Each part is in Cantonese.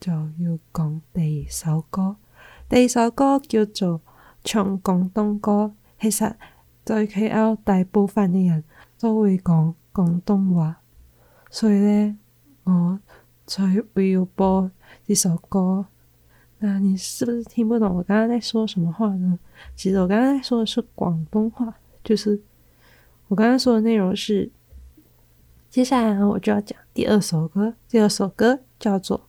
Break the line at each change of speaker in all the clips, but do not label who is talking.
就要講第二首歌。第二首歌叫做唱廣東歌。其實在 KL 大部分的人都會講廣東話，所以咧我才會播這首歌。那你是不是聽不懂我剛剛在說什麼話呢？其實我剛剛在說的是廣東話，就是我剛剛說的內容是。接下來呢，我就要講第二首歌。第二首歌叫做。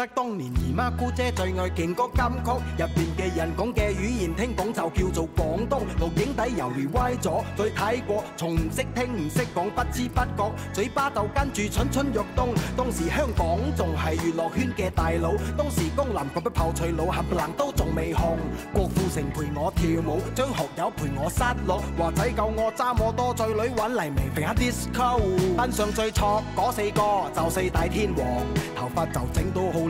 得當年姨媽姑姐最愛勁歌金曲，入邊嘅人講嘅語言聽講就叫做廣東，路景底猶如歪咗，再睇過從唔識聽唔識講，不知不覺嘴巴就跟住蠢蠢欲動。當時香港仲係娛樂圈嘅大佬，當時功能不不泡翠佬，合不攬都仲未紅。郭富城陪我跳舞，張學友陪我失落，華仔夠我揸我多醉女揾嚟微肥下 disco。班上最錯嗰四個就四大天王，頭髮就整到好。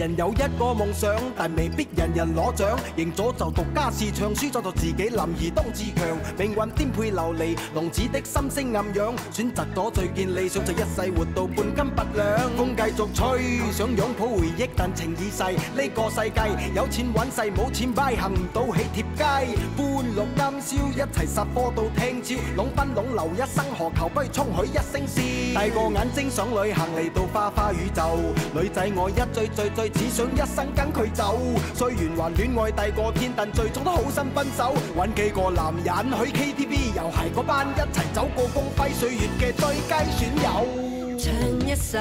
人有一個夢想，但未必人人攞獎。贏咗就獨家事，唱書輸咗就自己。林然當自強，命運顛沛流離，浪子的心聲暗湧。選擇咗最見理想，就一世活到半斤八兩。風繼續吹，想擁抱回憶，但情已逝。呢、這個世界有錢揾世，冇錢買行唔到喜帖街。歡樂今宵，一齊殺科到聽朝，攏奔攏流一生何求，不如衝許一聲笑。大個眼睛想旅行嚟到花花宇宙，女仔我一追再追。只想一生跟佢走，雖然話戀愛大過天，但最終都好心分手。揾幾個男人去 KTV，又係嗰班一齊走過光輝歲月嘅最佳損友。唱
一首，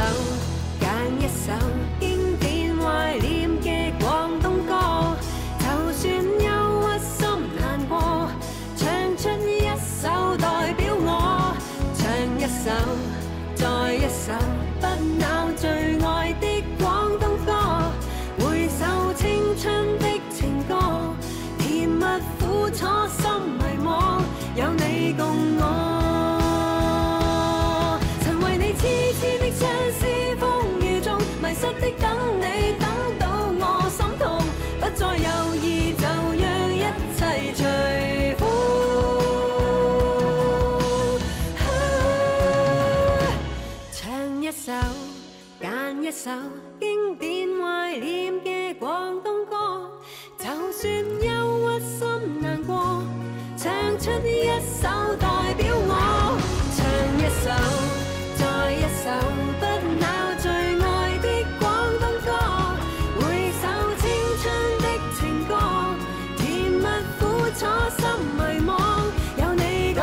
揀一首經典懷念嘅廣東歌，就算。